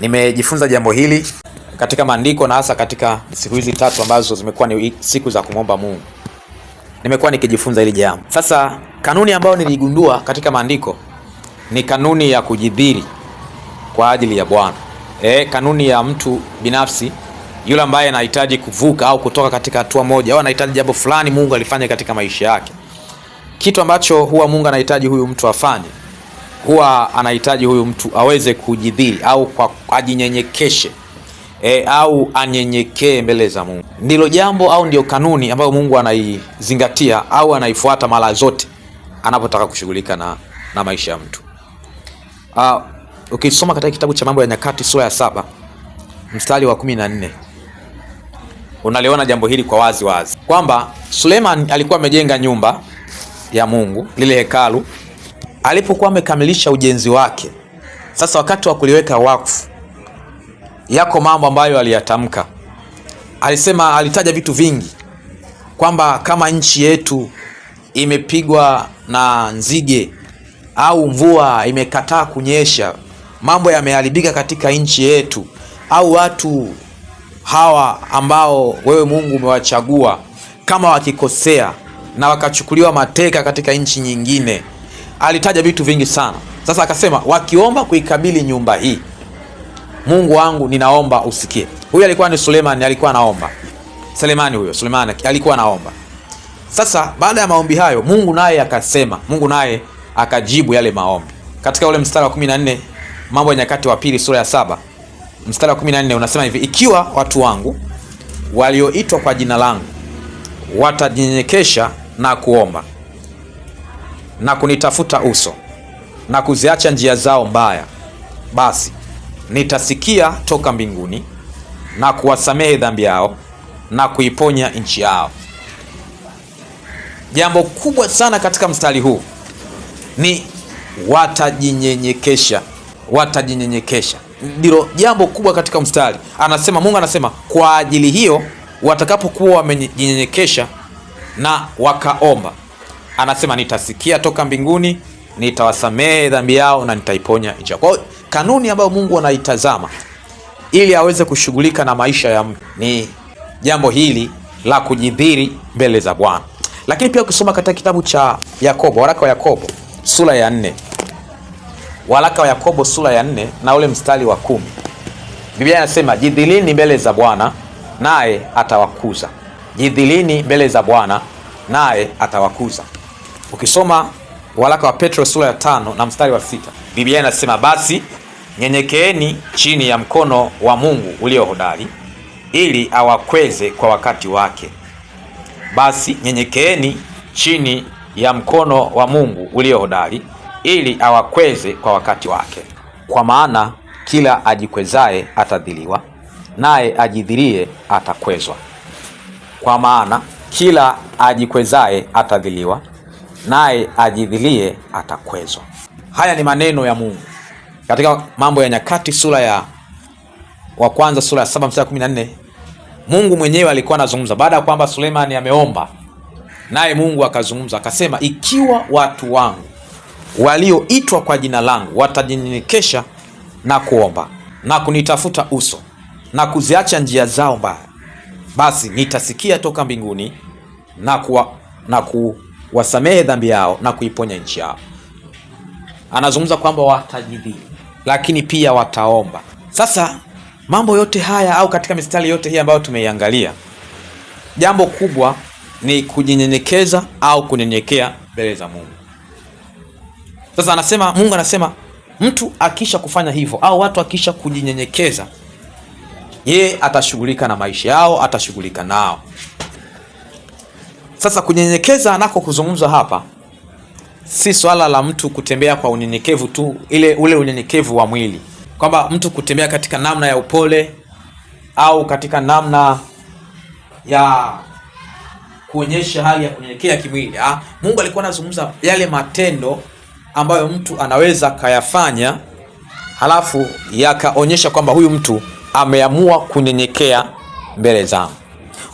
Nimejifunza jambo hili katika maandiko na hasa katika siku hizi tatu ambazo zimekuwa ni siku za kumwomba Mungu. Nimekuwa nikijifunza hili jambo. Sasa kanuni ambayo niligundua katika maandiko ni kanuni ya kujidhiri kwa ajili ya Bwana. E, kanuni ya mtu binafsi yule ambaye anahitaji kuvuka au kutoka katika hatua moja au anahitaji jambo fulani Mungu alifanya katika maisha yake, kitu ambacho huwa Mungu anahitaji huyu mtu afanye huwa anahitaji huyu mtu aweze kujidhiri au kwa ajinyenyekeshe e, au anyenyekee mbele za Mungu. Ndilo jambo au ndio kanuni ambayo Mungu anaizingatia au anaifuata mara zote anapotaka kushughulika na, na maisha ya mtu. Uh, ukisoma katika kitabu cha Mambo ya Nyakati sura ya saba mstari wa kumi na nne unaliona jambo hili kwa wazi wazi kwamba Suleiman alikuwa amejenga nyumba ya Mungu, lile hekalu alipokuwa amekamilisha ujenzi wake, sasa wakati wa kuliweka wakfu, yako mambo ambayo aliyatamka. Alisema, alitaja vitu vingi kwamba kama nchi yetu imepigwa na nzige au mvua imekataa kunyesha, mambo yameharibika katika nchi yetu, au watu hawa ambao wewe Mungu umewachagua kama wakikosea na wakachukuliwa mateka katika nchi nyingine alitaja vitu vingi sana. Sasa akasema wakiomba kuikabili nyumba hii, Mungu wangu ninaomba usikie. Huyu alikuwa ni Sulemani, alikuwa anaomba Selemani, huyo Sulemani alikuwa anaomba. Sasa baada ya maombi hayo, Mungu naye akasema, Mungu naye akajibu yale maombi. Katika ule mstari wa 14 Mambo ya Nyakati wa Pili sura ya saba mstari wa 14 unasema hivi, ikiwa watu wangu walioitwa kwa jina langu watajinyenyekesha na kuomba na kunitafuta uso na kuziacha njia zao mbaya, basi nitasikia toka mbinguni na kuwasamehe dhambi yao na kuiponya nchi yao. Jambo kubwa sana katika mstari huu ni watajinyenyekesha, watajinyenyekesha ndilo jambo kubwa katika mstari. Anasema Mungu anasema kwa ajili hiyo, watakapokuwa wamejinyenyekesha na wakaomba anasema nitasikia toka mbinguni, nitawasamehe dhambi yao na nitaiponya nchi yao. Kwa hiyo kanuni ambayo Mungu anaitazama ili aweze kushughulika na maisha ya mtu ni jambo hili la kujidhiri mbele za Bwana. Lakini pia ukisoma katika kitabu cha Yakobo, waraka wa Yakobo sura ya nne, waraka wa Yakobo sura ya nne na ule mstari wa kumi, Biblia inasema jidhilini mbele za Bwana naye atawakuza. Jidhilini mbele za Bwana naye atawakuza. Ukisoma waraka wa Petro sura ya tano na mstari wa sita Biblia inasema basi nyenyekeeni chini ya mkono wa Mungu ulio hodari ili awakweze kwa wakati wake. Basi nyenyekeeni chini ya mkono wa Mungu ulio hodari ili awakweze kwa wakati wake, kwa maana kila ajikwezaye atadhiliwa, naye ajidhilie atakwezwa. Kwa maana kila ajikwezaye atadhiliwa, naye ajidhilie atakwezwa. Haya ni maneno ya Mungu katika Mambo ya Nyakati sura ya wa kwanza sura ya 7 mstari Mungu mwenyewe alikuwa anazungumza baada ya kwamba Sulemani ameomba, naye Mungu akazungumza akasema, ikiwa watu wangu walioitwa kwa jina langu watajinyenyekesha na kuomba na kunitafuta uso na kuziacha njia zao mbaya, basi nitasikia toka mbinguni na kuwa, na ku wasamehe dhambi yao na kuiponya nchi yao. Anazungumza kwamba watajidhili, lakini pia wataomba. Sasa mambo yote haya au katika mistari yote hii ambayo tumeiangalia, jambo kubwa ni kujinyenyekeza au kunyenyekea mbele za Mungu. Sasa anasema Mungu anasema mtu akisha kufanya hivyo au watu akisha kujinyenyekeza, yeye atashughulika na maisha yao, atashughulika nao. Sasa kunyenyekeza anako kuzungumzwa hapa si swala la mtu kutembea kwa unyenyekevu tu, ile ule unyenyekevu wa mwili, kwamba mtu kutembea katika namna ya upole au katika namna ya kuonyesha hali ya kunyenyekea kimwili. Ah, Mungu alikuwa anazungumza yale matendo ambayo mtu anaweza kayafanya, halafu yakaonyesha kwamba huyu mtu ameamua kunyenyekea mbele zangu.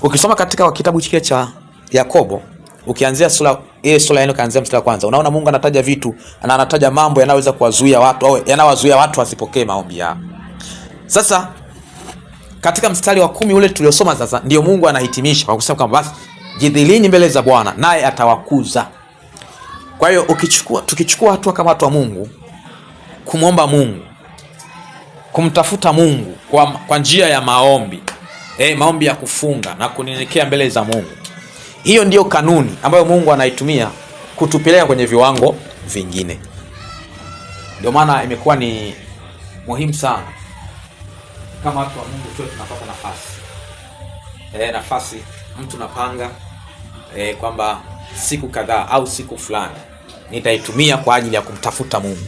Ukisoma katika kitabu cha Yakobo ukianzia sura ile sura yenu kaanzia mstari wa kwanza, unaona Mungu anataja vitu na anataja mambo yanayoweza kuwazuia watu au yanawazuia watu wasipokee maombi yao. Sasa katika mstari wa kumi ule tuliosoma sasa, ndio Mungu anahitimisha kwa kusema kwamba basi jidhilini mbele za Bwana naye atawakuza. Kwa hiyo ukichukua, tukichukua hatua kama watu wa Mungu kumwomba Mungu kumtafuta Mungu kwa, kwa njia ya maombi eh, maombi ya kufunga na kunyenyekea mbele za Mungu hiyo ndiyo kanuni ambayo Mungu anaitumia kutupeleka kwenye viwango vingine. Ndio maana imekuwa ni muhimu sana kama watu wa Mungu tuwe tunapata nafasi e, nafasi mtu napanga e, kwamba siku kadhaa au siku fulani nitaitumia kwa ajili ya kumtafuta Mungu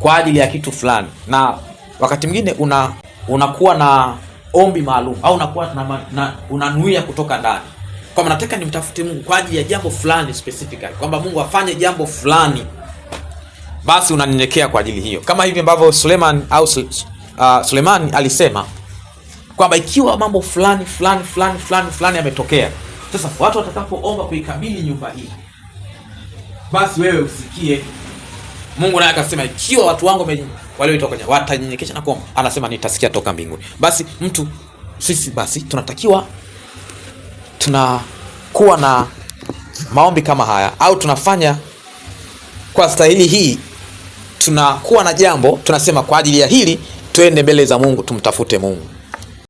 kwa ajili ya kitu fulani, na wakati mwingine una unakuwa na ombi maalum au unakuwa na, na unanuia kutoka ndani kwamba nataka nimtafute Mungu kwa ajili ya jambo fulani specifically, kwamba Mungu afanye jambo fulani, basi unanyenyekea kwa ajili hiyo, kama hivi ambavyo Suleman au uh, Sulemani alisema kwamba ikiwa mambo fulani fulani fulani fulani fulani yametokea, sasa watu watakapoomba kuikabili nyumba hii, basi wewe usikie. Mungu naye akasema ikiwa watu wangu walioitoka watanyenyekesha na kuomba, anasema nitasikia toka mbinguni. Basi mtu sisi, basi tunatakiwa tunakuwa na maombi kama haya au tunafanya kwa stahili hii, tunakuwa na jambo tunasema, kwa ajili ya hili tuende mbele za Mungu, tumtafute Mungu.